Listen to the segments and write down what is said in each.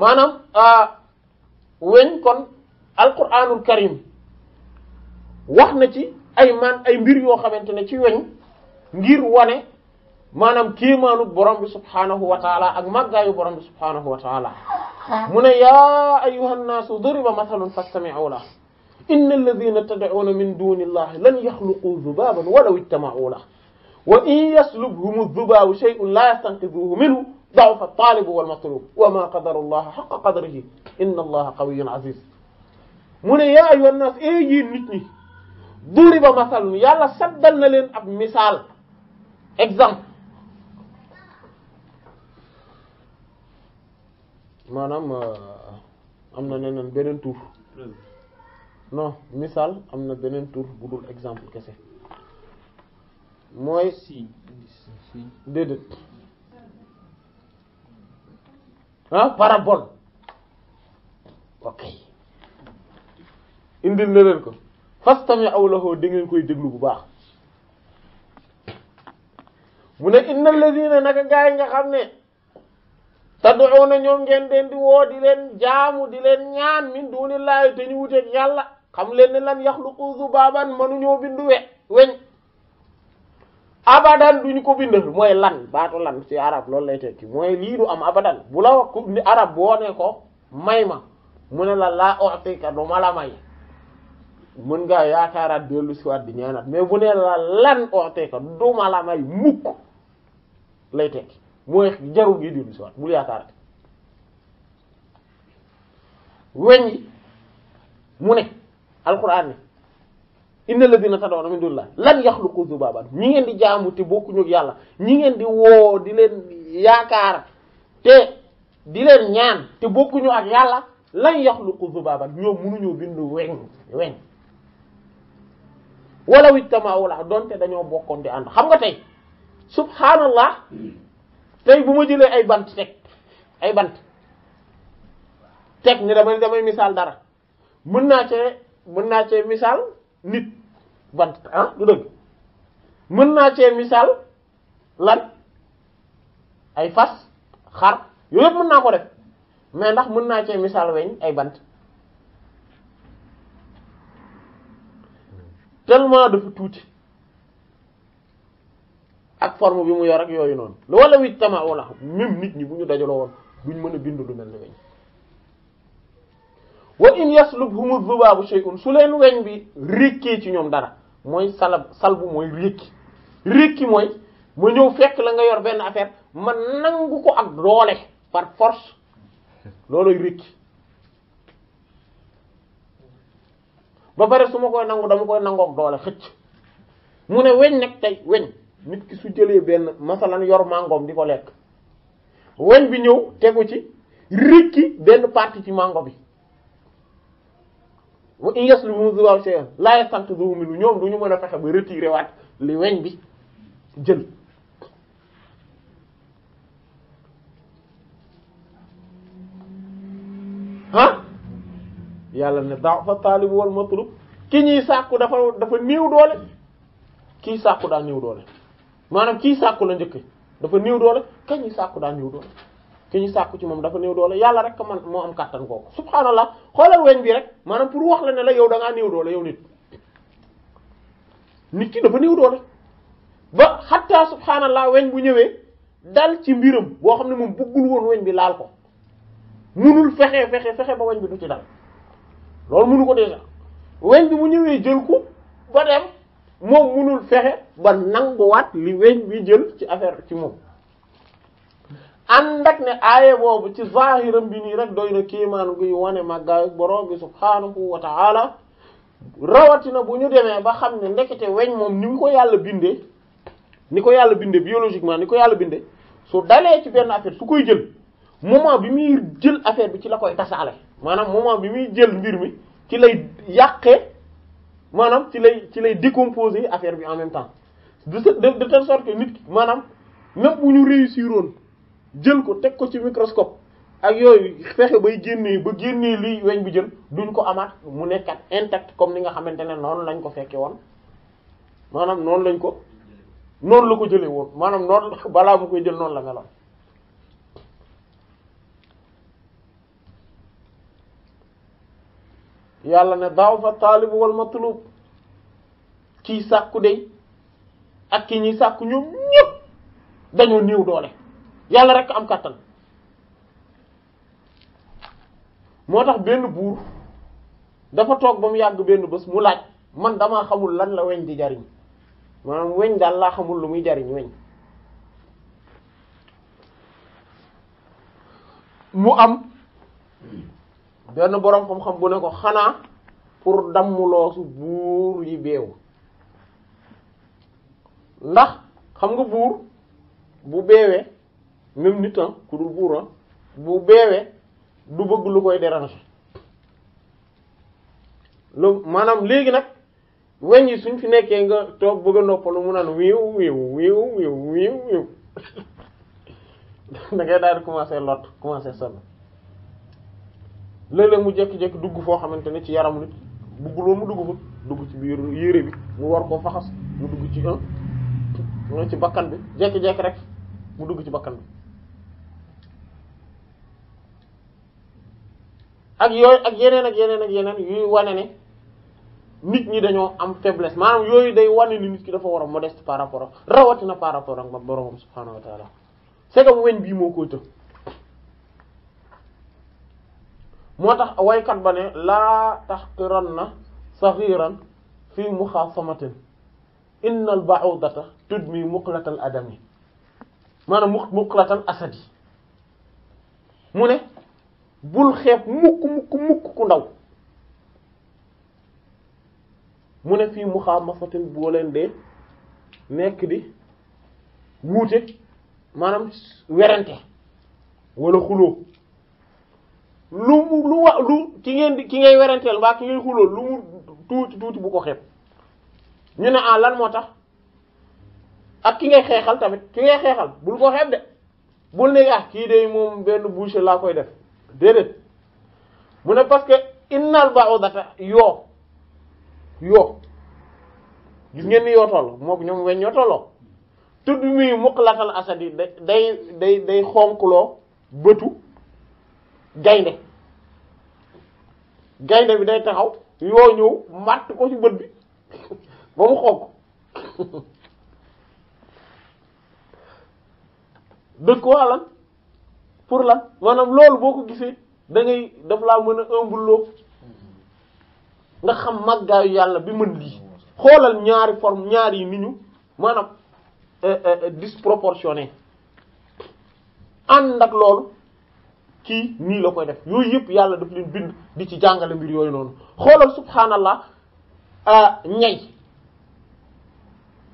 maanaam weñ kon alquranul karim waxna ci ay man ay mbir yo xamantene ci weñ ngir woné manam kéemaanu borom bi subhanahu wa taala ak màggaayu borom bi subhanahu wa taala mun ya yaa an-nas duriba mathalan fastami'u la inna alladhina tad'una min duni illahi lan yakhluqu dhubaban walaw ijtama'u lahu wa in yaslubhum adh-dhubabu shay'un la yastanqidhuhu minhu ضعف الطالب والمطلوب وما قدر الله حق قدره إن الله قوي عزيز من يا أيها الناس إيجي نتني ضرب مثال يا الله سدلنا لين أب مثال إكزام ما نام أمنا نن بيرن تور نو مثال أمنا بيرن تور بدل إكزام كسي moy si dedet ah parabole ok indil na ko fastami'u lahu di ngeen koy déglu bu baax mu ne innal ladina naka gaay nga xam ne tad'una ñoom ngeen den di woo di leen jaamu di leen ñaan min dunillahi te ñu wuteeg yàlla xam leen ne lan yaxluqu zubaban mënuñoo bindu we weñ abadan duñu ko bind mooy lan baatu lan ci arab loolu lay tekki mooy lii du am abadan bu la wax ni arab boo ne ko may ma mun ne la laa oxtika du ma la may mën ngaa yaakaaraat dellu siwaat di ñaanaat mais bu a la lan oxtika du ma may mukk lay tekki mooy jaru gi dellu siwaat bul yaakaaraat weñ yi mu ne alxuraan innal ladina tad'una min la lan yaxluqu zubaban ñi ngeen di jaamu te bokkuñu ak yàlla ñi ngeen di woo di leen yaakaar te di leen ñaan te bokkuñu ak yàlla lan yaxluqu zubaban ñoom mënuñu bindu weñ weñ walaw ijtama'u la donte dañoo bokkoon di ànd xam nga tey subhanallah tey bu ma jëlee ay bant teg ay bant teg ni damay damay misaal dara mën naa cee mën naa cee misaal nit bant ah du dëgg mën naa cee misaal lan ay fas xar yooyu yëpp mën naa ko def mais ndax mën naa cee misaal weñ ay bant tellement dafa tuuti ak forme bi mu yor ak yooyu noonu lu wala wit tama wala même nit ñi bu ñu dajaloo woon duñ mën a bind lu mel ni weñ wa in yaslubhumu dhubaabu shay'un su leen weñ bi rikkee ci ñoom dara Moy salab salbu moy riki, riki moy, mo ñew fekk la nga yor ben affaire man nangu ko ak doole par force loloy rékki ba bare suma ma koy nangu dama koy nangu ak doole xecc mu ne weñ nek tay weñ nit ki su masalan yor mangom di lek weñ bi ñew teggu ci rékki ben parti ci mango bi wa in yaslimu zuwal shay la yastantu bu min ñom duñu mëna fexé ba retirer wat li wéñ bi jël ha yalla ne da'fa talib wal matlub ki ñi sakku dafa dafa niw doole ki sakku da niw doole manam ki sakku la ñëkke dafa niw doole ki ñi sakku da niw doole ki ñu sàkku ci mom dafa néew doole yalla rek man moo am katan kooku subhanallah xolal weñ bi rek manam pour wax la ne la yow ya da nga ya néew doole yow nit nit ki dafa doole ba hatta subhanallah weñ bu ñewé dal ci mbirum bo xamne mom bëggul woon weñ bi laal ko munul fexé fexé fexé ba weñ bi du ci dal lool munu ko déjà weñ bi mu ñewé jël ko ba dem mom munul fexé ba wat li weñ bi jël ci affaire ci mom ànd ak ne aaye boobu ci zahiram bi nii rek doy na kéemaan guy wane màggaayu borom bi subhaanahu wa ta'ala rawatina bu ñu demee ba xam ne ndekete weñ moom ni ko yàlla bindee ni ko yàlla bindee biologiquement ni ko yàlla bindee soo dalee ci benn affaire su koy jël moment bi muy jël affaire bi ci la koy tasaale maanaam moment bi muy jël mbir mi ci lay yàqee maanaam ci lay ci lay décomposer affaire bi en même temps de de telle sorte maanaam même bu ñu réussiroon jël ko teg ko ci microscope ak yooyu fexe bay génnee ba génnee liy weñ bu jël duñ ko amaat mu nekkat intact comme ni nga xamante ne noonu lañ ko fekke woon maanaam noonu lañ ko noonu la ko jëlee woon maanaam noonu balaa mu koy jël noonu la meloon yàlla ne daaw fa taalib wal matlub kii sàkku dey ak ki ñuy sàkku ñoom ñëpp dañoo néew doole yalla rek am katan motax tax benn buur dafa tok bam yag yàgg benn bés mu laaj man dama xamul lan la weñ di jariñ manam weñ dal la xamul lu muy jariñ weñ mu am benn borom fam xam bu ne ko xana pour loosu bour yi beew ndax xam nga bour bu beewee même nit ku dul bu bewe du beug lu koy déranger lu manam légui nak wéñi suñ fi nekké nga tok bëgg a noppalu mu nan wiw wiw wiw wiw wiw wiw da nga daal commencé commencer lot commencer sonn léeg-léeg mu jékki-jékki dugg fo xamante ci yaram nit lu mu dugg fu dugg ci biir yéré bi mu war ko faxas mu dugg ci un ci bakkan bi rek mu dugg ci bakkan bi ak yooyu ak yeneen ak yeneen ak yeneen yuy wane ne nit ñi dañoo am faiblesse maanaam yooyu day wane ni nit ki dafa war a modeste par rapport ak rawatina par rapport ak ma boromam subhaanahu wa taala c'est que weñ bii moo koy të moo tax waykat ba ne laa tahqiranna saghiran fi muxaasamatin innal ba'udata tudmi muqlatal adami maanaam muqlatal asadi mu ne bul xeeb mukk mukk mukk ku ndaw mu ne fii mu xaam ma fatin boo leen dee nekk di wuute maanaam werante wala xuloo lu mu lu wa lu ki ngeen di ki ngay weranteel mbaa ki ngay xuloo lu mu tuuti tuuti bu ko xeeb ñu ne ah lan moo tax ak ki ngay xeexal tamit ki ngay xeexal bul ko xeeb de bul ne ah kii de moom benn boucher laa koy def déedéet mu ne parce que innal ba'udata yoo yoo gis ngeen ni yoo toll mook ñoom weñ ñoo tolloo tudd muy muqlatal asadi day day day day xonkloo bëtu gaynde gaynde bi day taxaw yoo ñëw màtt ko ci bët bi ba mu xonk dëkk ko lan pour lan maanaam loolu boo ko gisee dangay daf laa mën a ëmbuloo nga xam màggaayu yàlla bi mën lii xoolal ñaari forme ñaari yi ni ñu maanaam euh, euh, euh, disproportionné ànd ak loolu kii nii la koy def yooyu yëpp yàlla daf leen bind di ci jàngale mbir yooyu noonu xoolal subhaanallah ñay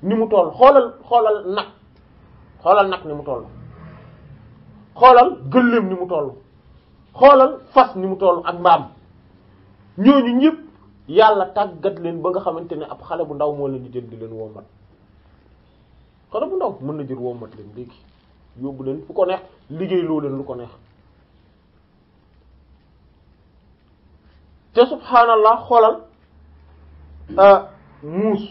ni mu toll xoolal xoolal nag xoolal nag ni mu toll xoolal gëléem ni mu toll xoolal fas ni mu toll ak mbaam ñooñu ñëpp yàlla tàggat leen ba nga xamante ne ab xale bu ndaw moo leen di jël di leen wommat xale bu ndaw mën na jël wommat leen léegi yóbbu leen fu ko neex liggéey loo leen lu ko neex te subhaanallah xoolal ah, muus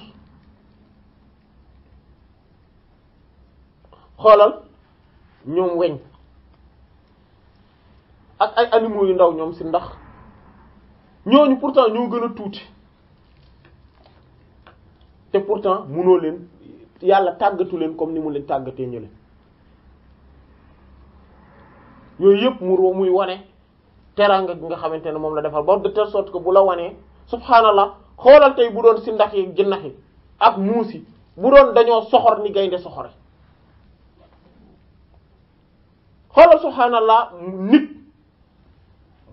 xoolal ñoom weñ ak ay animaux yu ndaw ñoom si ndax ñooñu pourtant ñoo gën a tuuti te pourtant munoo leen yàlla tàggatu leen comme ni mu leen tàggatee ñële yooyu yëpp mu muy wane teraanga gi nga xamante ne moom la defal ba de telle sorte ko bu la wanee subhaanallah xoolal tey bu doon si ndax yi jënnax yi ak muus yi bu doon dañoo soxor ni gaynde soxore xoolal subhaanallah nit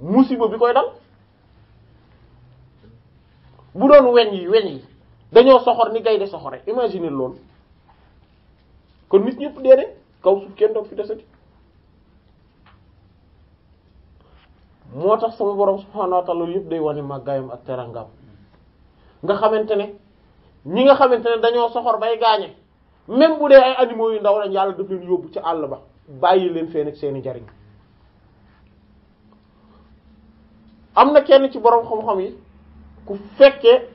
musiba bi koy dal bu doon weñ yi weñ yi dañoo soxor ni gaynde soxore imagine loolu kon nit ñëpp dee de kaw suuf kenn doog fi desati moo tax sama borom subhaanahu loolu yëpp day wane màggaayam ak terangam nga xamante ne ñi nga xamante ne dañoo soxor bay gaañe même bu dee ay animaux yu ndaw lañ yàlla daf leen yóbbu ci àll ba bàyyi leen feen ak seeni njariñ am na kenn ci boroom xam-xam yi ku fekkee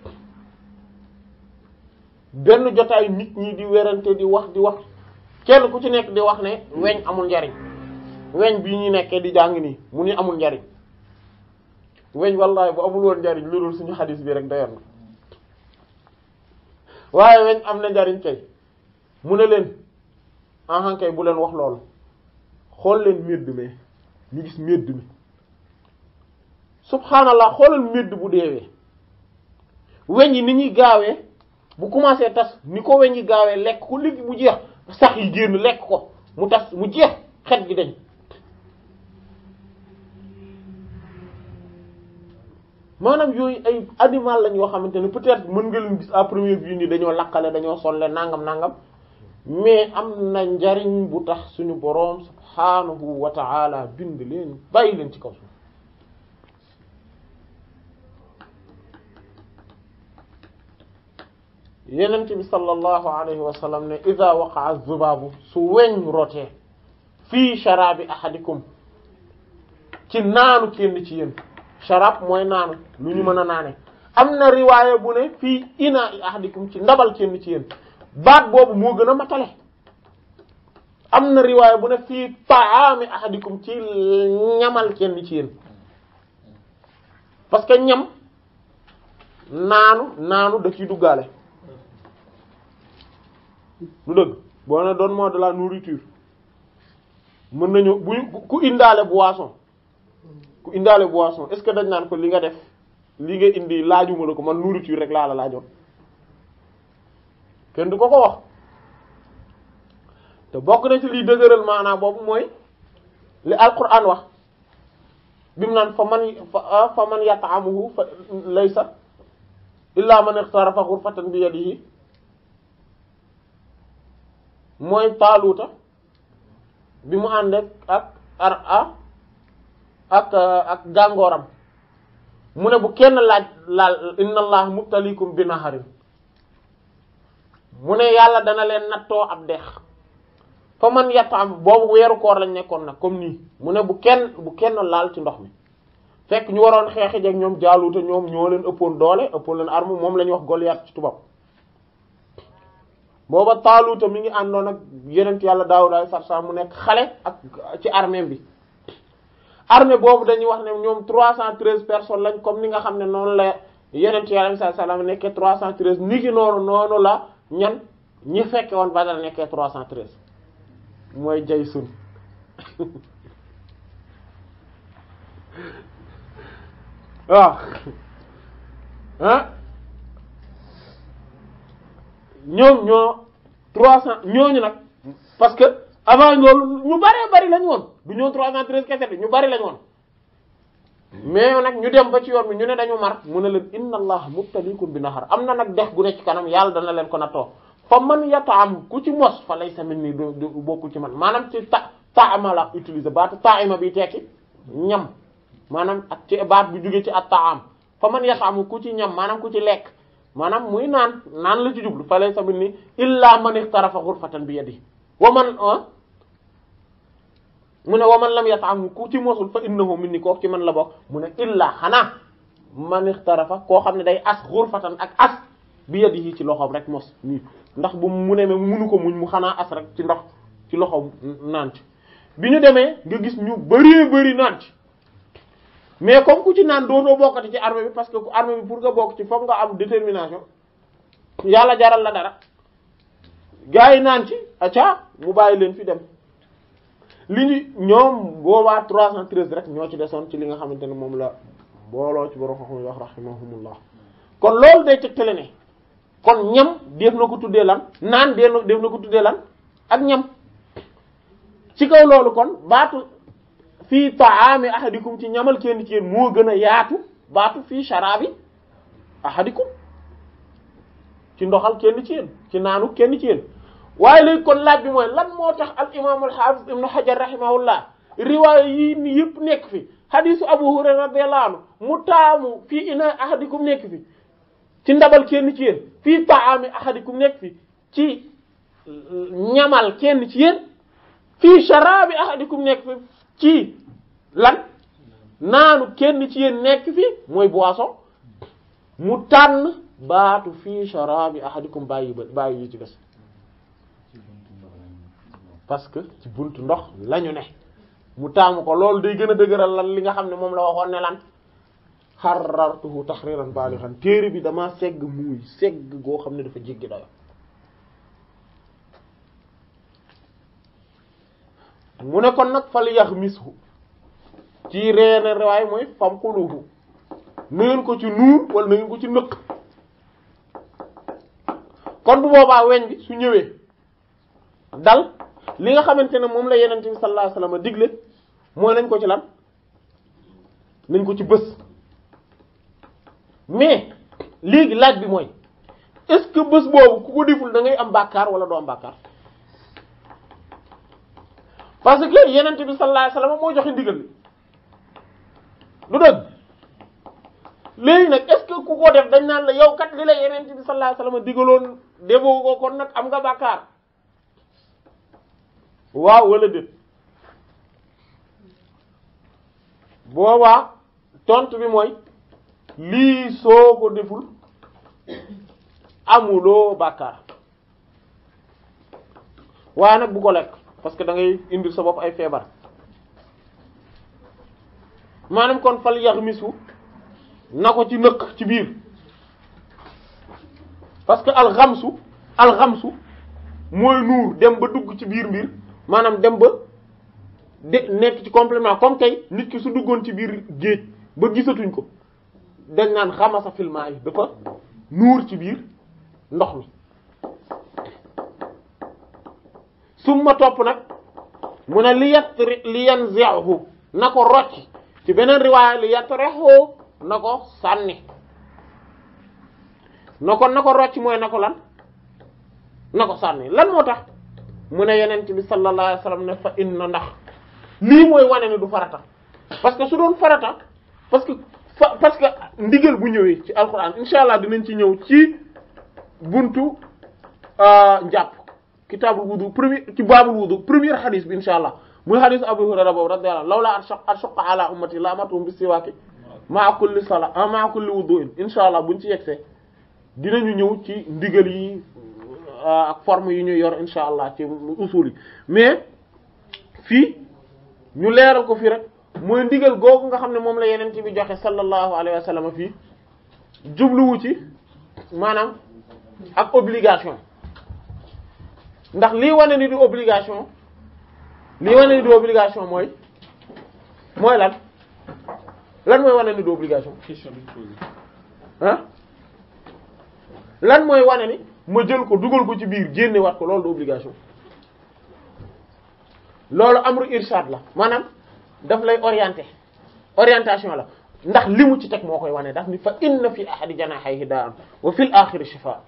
benn jotaayu nit ñi di werante di wax di wax kenn ku ci nekk di wax ne weñ amul njariñ weñ bi ñu nekkee di jàng nii mu ni amul njariñ weñ wallaay bu amul woon njariñ lu dul suñu xadis bi rek doyoon waaye weñ am na njariñ kay mu ne leen ahan kay bu leen wax loolu xool leen médd mi ñu gis médd mi subhanallah xoolal médd bu deewee weñ yi ni ñuy gaawee bu commencé tas ni ko weñ yi gaawee lekk ko léegi mu jeex sax yi génn lekk ko mu tas mu jeex xet gi dañ maanaam yooyu ay animal lañ yoo xamante ne peut-être mën nga leen gis à première vue nii dañoo lakkale dañoo sonle nangam nangam mais am na njariñ bu tax suñu boroom subhanahu wa ta'ala bind leen bàyyi leen ci kaw suuf yenent bi sallallahu alayhi wa sallam ne iza waqa'a zubaabu su weñ rotee fii sharabi ahadikum ci naanu kenn ci yéen sharab mooy naanu lu ñu mën a naane am na riwaaya bu ne fii ina ahadikum ci ndabal kenn ci yéen baat boobu moo gën a matale am na riwaaya bu ne fii taami ahadikum ci ñamal kenn ci yéen parce que ñam naanu naanu da ciy duggaale du dëgg boo ne donne-moi de la nourriture mën nañu bu ku indaale boisson ku indaale boisson est-ce que dañ naan ko li nga def li nga indi laajuma la ko man nourriture rek laa la laajoon kenn du ko ko wax te bokk na ci liy dëgëral maanaam boobu mooy li alquran wax bi mu naan fa man fa ah, man yat'amuhu fa laysa illa man iqtarafa ghurfatan bi yadihi mooy taaluuta bi mu ànd ak ak euh, ak gàngooram mu ne bu kenn laaj laal inna allah mubtalikum bi naharin mu ne yàlla dana leen nattoo ab dex fa man yatam boobu weeru koor lañ nekkoon nag comme nii mu ne bu kenn bu kenn laal ci ndox mi fekk ñu waroon xeexi jeg ñoom jaaluuta ñoom ñoo leen ëppoon doole ëppoon leen arme moom la ñuy wax Goliath ci tubaab booba Taaluta mi ngi àndoon ak yonent yàlla Daawuda alayhi salaam mu nekk xale ak ci armée bi armée boobu dañuy wax ne ñoom 313 personnes lañ comme ni nga xam ne noonu la yonent yàlla alayhi salaam nekkee 313 ni ki noonu noonu la ñan ñi fekke woon Badar nekkee 313 mooy jay sun waaw ah ñoom ñoo trois cent ñooñu nag parce que avant loolu ñu bëree bari lañ woon du ñoon trois cent treize kese bi ñu bari lañ woon mais nag ñu dem ba ci yoon bi ñu ne dañu mar mu ne leen inna allah mubtaliikum bi nahar am na nag dex gu ne ci kanam yàlla dana leen kon ko nattoo fa man yataam ku ci mos fa lay samin nii du bokku ci man maanaam ci ta taama la utiliser baatu taima bi tekki ñam maanaam ak ci baat bi jóge ci a taam fa man yataamu ku ci ñam maanaam ku ci lekk maanaam muy naan naan la ci jublu fa laysa minni illaa man iqtarafa ghurfatan bi yadihi wa man ah, mu ne wa la lam yat'am ku ci mosul fa innahu minni kooku ci man la bokk mu ne illaa xanaa man iqtarafa koo xam ne day as ghurfatan ak as bi yi ci loxoom rek mos ndax bu mu ne munu ko muñ mu xanaa as rek ci ndox ci loxoom naan ci bi ñu demee nga gis ñu bëree bëri naan ci mais comme ku ci naan dootoo bokkati ci armée bi parce que armée bi pour nga bokk ci foog nga am détermination yàlla jaral la dara gars yi naan ci acca mu bàyyi leen fi dem li ñu ñoom boobaa 313 rek ñoo ci desoon ci li nga xamante ne moom la booloo ci borom xam wax rahimahumullah kon loolu day tegtale ne kon ñam def na ko tuddee lan naan def na ko tuddee lan ak ñam ci kaw loolu kon baatu fii taami ahadikum ci ñamal kenn ci yéen moo gën a yaatu baatu fii sharabi ahadikum ci ndoxal kenn ci yéen ci naanu kenn ci yéen waaye léegi kon laaj bi mooy lan moo tax al imaam al xaafis ibnu xajar rahimahullah riwaaya yi ni yëpp fi hadisu abu hurayra radiyallahu mu taamu fii ina ahadikum nekk ci ndabal kenn ci yéen fii taami ahadikum nekk ci ñamal kenn ci yéen fii sharabi ahadikum nekk ci lan naanu kenn ci yéen nekk fi mooy boisson mu tànn baatu fii sharabi ahadikum bàyyi ba bàyyi yi ci des parce que ci buntu ndox lañu ne mu tàng ko loolu day gën a dëgëral lan li nga xam ne moom la waxoon ne lan xarartuhu taxriran baalihan téere bi damaa segg muy segg goo xam ne dafa jéggi dayo mu ne kon nag fal yax mishu ci reene rewaay mooy fam xuluhu na ngeen ko ci nuur wala na ko ci nëq kon bu boobaa weñ bi su ñëwee dal li nga xamante ne moom la yenente bi sallallahu alayhi wasallam digle mooy nañ ko ci lan nañ ko ci bës mais léegi laaj bi mooy est que bës boobu ku ko deful da ngay am bàkkaar wala doo am bàkkaar parce que yenent bi sallallahu alayhi wasallam moo joxe ndigal lu dëgg léegi nag est-ce ku ko def dañ naan la yow kat li la yenent bi sallallahu alayhi digaloon defoo ko kon nag am nga bàkkaar waaw wala déet boobaa tontu bi mooy lii soo ko deful amuloo bàkkaar waaye nag bu ko lekk parce que dangay ngay indil sa bopp ay feebar maanaam kon fal yar misu na ko ci nëq ci biir parce que alxamsu alxamsu mooy nuur dem ba dugg ci biir mbir maanaam dem ba de nekk ci complement comme tey nit ki su duggoon ci biir géej ba gisatuñ ko dañ naan xamasa filmaa yi dafa nuur ci biir ndox mi summa topp nag mu ne li yet li yanzihu na ko rocci ci beneen riwaaya li yatrahu na ko sànni na nako na mooy na lan nako sànni lan moo tax mu ne yeneen bi sallallahu alayhi wasallam ne fa inna ndax lii mooy wane ne du farata parce que su doon farata parce que parce bu ñëwee ci alquran insha allah dinañ ci ñëw ci buntu euh, njàpp kitaabul wudu premier ci baabul wudu premier xadis bi incha allah muy xadis Abu Hurayra boobu radiyallahu lawlaa an shaqqa alaa ummatii la amartuhum bis-siwaak ma'a kulli salaa ah, ma'a kulli wudu'in incha allah buñ ci yegsee dinañu ñëw ci ndigal yi ah, ak forme yi ñuy yor incha allah ci usul mais fii ñu leeral ko fii rek mooy ndigal googu nga xam ne moom la yeneen ci joxe sallallahu alayhi wa sallam fii jubluwu ci maanaam ak obligation. ndax li wone ni du obligation li wone ni du obligation moy moy lan lan moy wone ni du obligation. hein lan moy wone ni ma jël ko duggal ko ci biir génne wat ko lolou du obligation lolou amru irshad la manam daf lay orienter orientation la ndax limu ci tek mokoy wone ndax ni fa inna fi ahadi janahihi da'an wa fil akhir shifa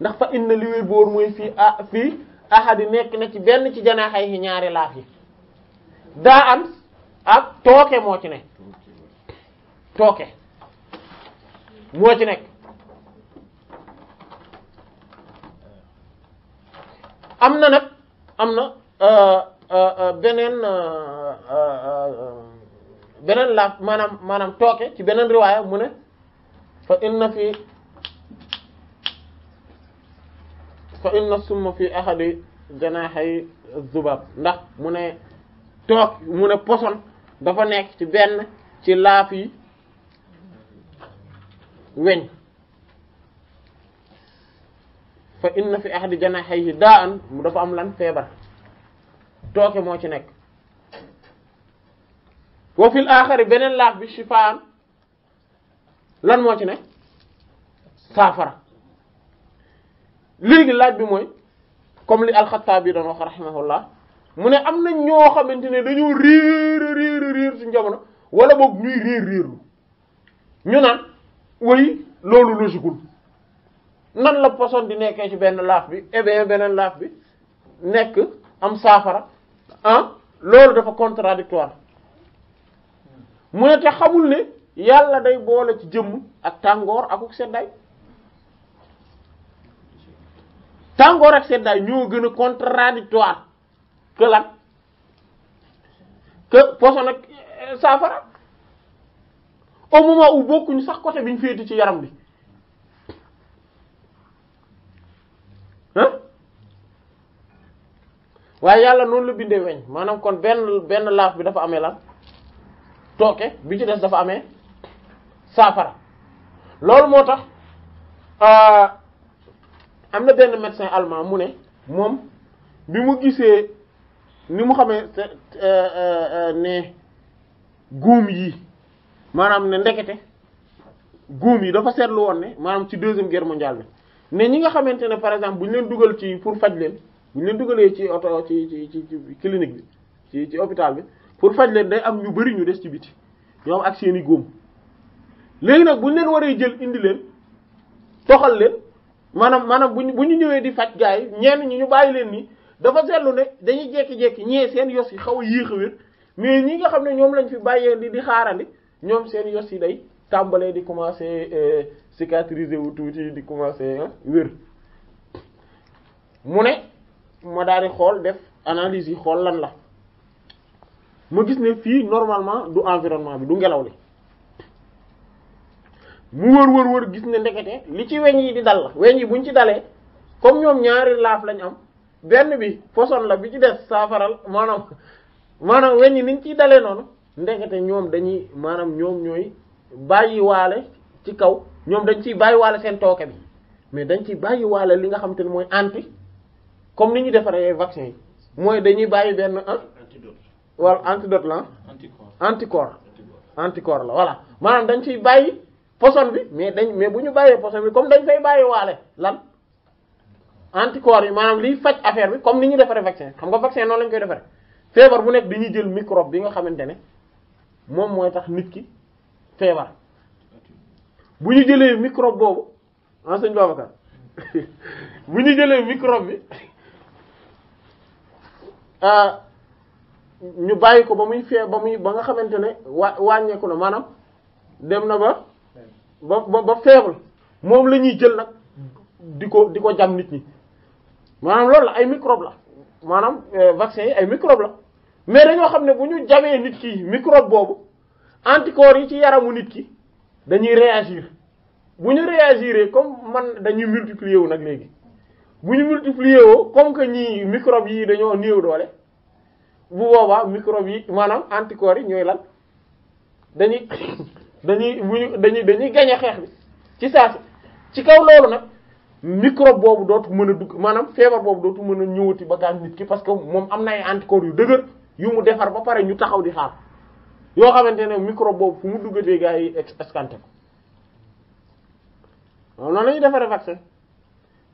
ndax fa inna li wér boor mooy fii ah fii ahadi nekk na ci benn ci janaaxay yi ñaari laaf yi daa am ak tooke moo ci ne tooke moo ci nekk am na nag am na euh, euh, euh, beneen beneen laaf maanaam maanaam tooke ci beneen riwaaya mu ne fa inna fii fa inna summa fi ahadi janahay zubab ndax mu ne toog mu ne poson dafa nekk ci benn ci laaf yi weñ fa inna fi ahadi janahay daan mu dafa am lan feebar tooke moo ci nekk wa fil axari beneen laaf bi shifaan lan moo ci nekk saafara léegi laaj bi mooy comme li alxattaabi doon wax rahimahullah mu ne am na ñoo xamante ne dañoo riir riir riir ci jamono wala boog ñuy riir riirlu ñu naan woy loolu logique nan la poson di nekkee si benn laaf bi et eh beneen laaf bi nekk am saafara ah loolu dafa contradictoire mu ne te xamul ne yàlla day boole ci jëmm ak tàngoor akuk seddaay tàngoor ak sedda ñoo gën a contradictoire que lan que poison ak euh, saafara au moment où ñu sax côté biñu fété ci yaram bi hein waaye yalla non la bindé wéñ manam kon ben ben laaf bi dafa amé lan toké bi ci dess dafa amé safara loolu motax tax euh, am na benn médecin allemand mu ne moom bi mu gisee ni mu xamee euh, euh, ne góom yi maanaam ne ndekete góom yi dafa seetlu woon ne maanaam ci deuxième guerre mondiale bi ne ñi nga xamante ne par exemple bu ñu leen dugal ci pour faj leen bu ñu leen dugalee ci oto ci ci ci clinique bi ci ci hôpital bi pour faj leen de am ñu bari ñu des ci biti ñoom ak seeni góom léegi nag bu ñu leen waree jël indi leen toxal leen maanaam maanaam bu ñu bu ñëwee di faj gars yi ñenn ñi ñu bàyyi leen nii dafa seetlu ne dañuy jékki-jékki ñee seen yos yi xaw a yéex a wér mais ñi nga xam ne ñoom lañ fi bàyyee di di xaarandi ñoom seen yos yi day tàmbalee di commencer euh, cicatriser wu tuuti di commencer wér mu ne ma daal di xool def analyse yi xool lan la ma gis ne fii normalement du environnement bi du ngelaw li mu wër wër wër gis ne ndekete li ci weñ yi di dal la weñ yi buñ ci dalee comme ñoom ñaari laaf lañ am benn bi poson la bi ci des saafaral maanaam maanaam weñ yi niñ ciy dalee noonu ndekete ñoom dañuy maanaam ñoom ñooy bàyyiwaale ci kaw ñoom dañ ciy bàyyiwaale seen tooke bi mais dañ ciy bàyyiwaale li nga xam te mooy anti comme ni ñu defaree vaccin yi mooy dañuy bàyyi benn ah wala antidote la ah. anticorps anticorps la voilà maanaam dañ ciy bàyyi poson bi mais dañ mais buñu ñu poson bi comme dañ fay bàyyi walé lan anticorps yi manam li fajj affaire bi comme niñu ñu vaccin xam nga vaccin non lañ koy defaree fièvre bu nek biñu jël microbe bi nga xamantene mom moy tax nit ki fièvre buñu jëlé microbe bobu en ah, señ Babacar buñu jëlé microbe bi ah ñu bayiko ba muy fièvre ba muy ba nga xamantene wañé ko manam dem na ba ba ba ba faible moom la ñuy jël nag di ko di ko jam nit ñi maanaam loolu la ay microbe la maanaam euh, vaccin yi ay microbe la mais dañoo xam ne bu ñu jamee nit ki microbe boobu anticorps yi ci yaramu nit ki dañuy réagir bu ñu réagir comme man dañuy multiplier wu nag léegi bu ñu multiplier woo comme que ñii microbe yi dañoo néew doole bu boobaa microbe yi maanaam anticorps yi ñooy lan dañuy dañuy dañuy dañuy gañe xeex bi ci saasi ci kaw lolu nak microbe bobu dootu meuna dug manam maanaam bobu boobu dootu mën a ba gaam nit ki parce que mom amna ay anticorps yu deuguer yu mu défar ba paré ñu taxaw di xaar yo xamantene ne microbe boobu fu mu duggatee gaa yi escanté ko non noonu défaré vaccin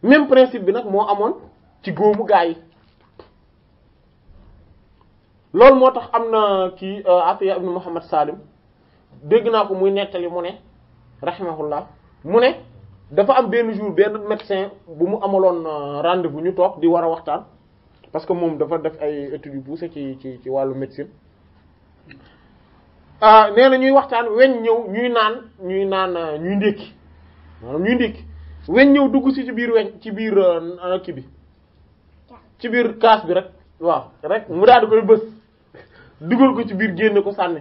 même principe bi nak mo amone ci goomu gaay lool motax amna ki am Atiya euh, ibn mohammed Salim dégg naa ko muy nettali mu ne rahimahullah mu ne dafa am benn jour benn médecin bu mu amaloon euh, rendez-vous ñu toog di war a waxtaan parce que moom dafa def ay études yu ci ci ci wàllu médecine ah nee ñuy waxtaan weñ ñëw ñuy naan ñuy naan euh, ñuy ndékki maanaam ñuy ndékki weñ ñëw dugg si ci biir weñ ci biir euh, kii bi ci biir kaas bi rek waaw rek mu daal di koy bës dugal ko ci biir génne ko sànni.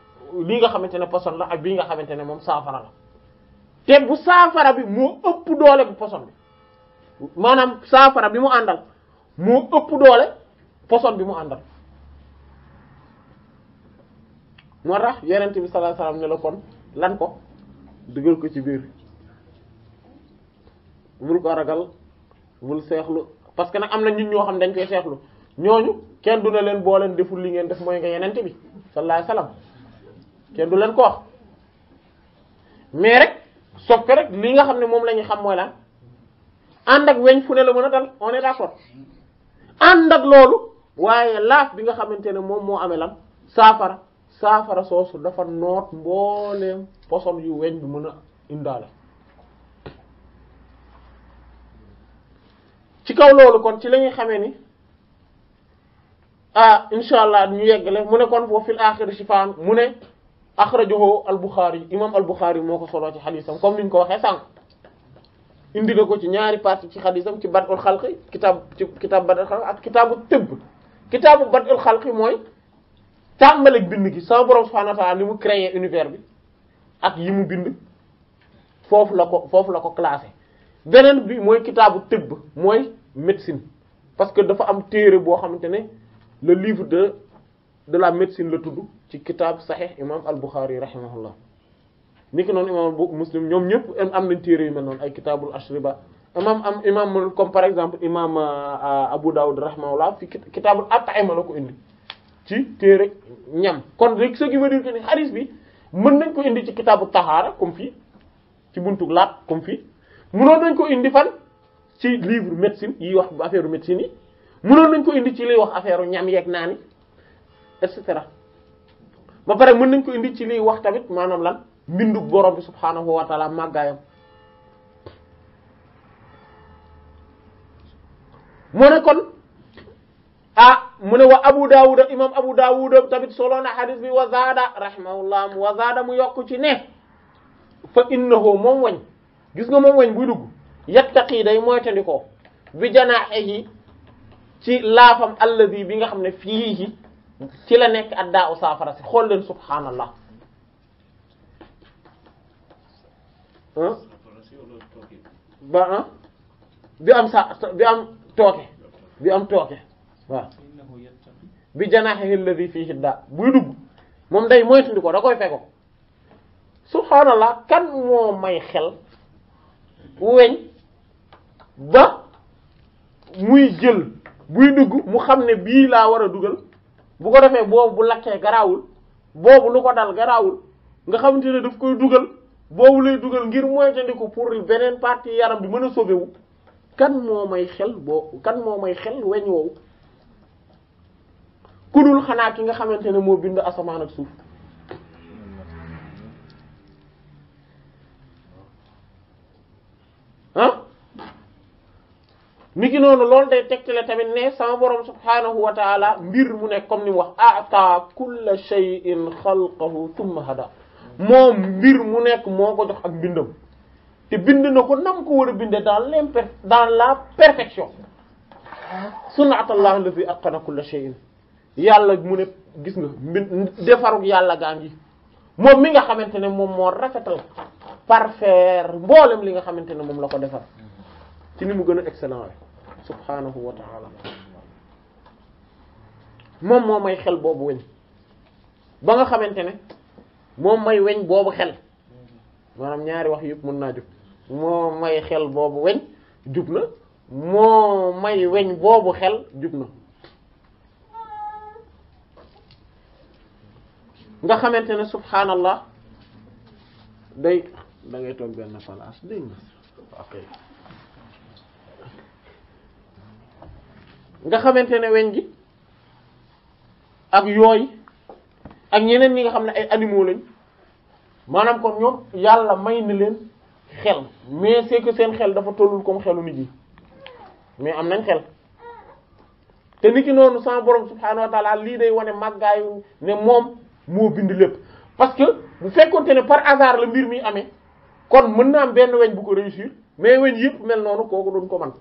li nga xamantene poisson poson la ak bi nga xamantene mom safara la té bu safara bi mo upp doole bu poisson bi manam safara bi mu andal mo upp doole poson bi mu andal mo rax yaronte bi sallallahu alayhi wasallam ne kon lan ko duggal ko ci bir wul ko ragal wul xeexlu parce que nak am ñun ñoo xam dañ koy xeexlu ñoñu kenn du na len bo len deful li ngeen def moy nga yenente bi sallallahu alayhi wasallam kenn du leen ko wax mais rek sauf rek li nga xam ne moom lañuy ñu xam mooy lan ànd ak weñ fu ne la mën a dal on est d'accord ànd ak loolu waaye laaf bi nga xamante ne moom moo amee lan saafara saafara soosu dafa noot mbooleem poson yu weñ bi mën a indaale ci kaw loolu kon ci lañuy ñuy xamee ni ah incha allah ñu yeggale mu ne kon foofu fil aaxiri shifaan mu ne akhrajahu al-Bukhari imam al-Bukhari moko solo ci haditham comme niñ ko waxe sank indi nga ko ci ñaari parti ci haditham ci Bad'ul Khalqi kitab ci kitab Bad'ul Khalqi ak kitabu Tibb kitabu Bad'ul Khalqi mooy tàmbalik bind gi sa borom subhanahu wa ta'ala ni créer univers bi ak yimu bind fofu lako fofu lako classer benen bi moy kitabu Tibb moy medicine parce que dafa am téré bo xamantene le livre de de la médecine le tuddu ci kitab sahih imam al-Bukhari rahimahullah ni non imam Muslim ñom ñep am nañ téré yu mel non ay kitabul ashriba imam am imam comme par exemple imam euh, euh, Abu daud rahimahullah fi kitabul at'ima lako indi ci téré ñam kon rek ce qui veut dire que ni hadith bi mën nañ ko indi ci kitaabu tahara comme fi ci buntu lat comme fii mënoon nañ ko indi fan ci livre médecine yi wax affaire médecine yi mënoon nañ ko indi ci li wax affaire ñam yek nani et cetera ba pare mën nañ ko indi ci liy wax tamit maanaam lan mbindug borom bi subhaanahu wa taala mu ne kon ah mu ne wa abu daawuda imam abu daawuda tamit solo na xadis bi wa zaada mu yokku ci ne fa innahu moom wañ gis nga moom wañ buy dugg yattaqi day moytandikoo bi janaaxihi ci laafam alladi bi nga xam ne fii ci la nekk addaa u saafara si xool leen subhaanallah ba ah bi am sa bi am tooke bi am tooke waaw bi janaaxihi alladhi fihi daa buy dugg moom day moytundi ko da koy fekko subhaanallah kan moo may xel weñ ba muy jël buy dugg mu xam ne bii laa war a dugal bu ko defee boobu bu lakkee garaawul boobu lu ko dal garaawul nga xamante ne daf koy dugal boobu lay dugal ngir ko pour beneen partie yaram bi mën a sauver wu kan moo may xel boo kan moo may xel weñ woowu ku dul xanaa ki nga xamante ne moo bind asamaan ak suuf mi ngi noonu loolu day tektele tamit ne sama borom subhanahu wa taala mbir mu nekk comme ni wax ata kull shay'in khalqahu thumma hada mom mbir mu nek moko dox ak bindam te bind nako nam ko wara binde dans l'imper dans la perfection allah allati aqana kull shay'in yàlla mu ne gis nga mbi yàlla gangi mom mi nga xamantene mom mo rafetal parfaire mbolam li nga xamantene mom moom la ko defar ci ni mu gën a excellent we subhaanahu wa ta'ala moom moo may xel boobu weñ ba nga xamante ne moo may weñ boobu xel maanaam ñaari wax yëpp mën naa jub moo may xel boobu weñ jub na moo may weñ boobu xel jub na nga xamante ne subhaanallah day da ngay toog benn place dégg nga nga xamante ne weñ gi ak yooy ak ñeneen ñi nga xam ne ay animaux lañ maanaam kon ñoom yàlla may na leen xel mais c'est que seen xel dafa tollul comme xelu nit yi mais am nañ xel te nit ki noonu sama borom subhaanahu wa lii day wane màggaayu ne moom moo bind lépp parce que bu fekkonte ne par hasard la mbir mi amee kon mën naa am benn weñ bu ko réussir mais weñ yëpp mel noonu kooku doon ko man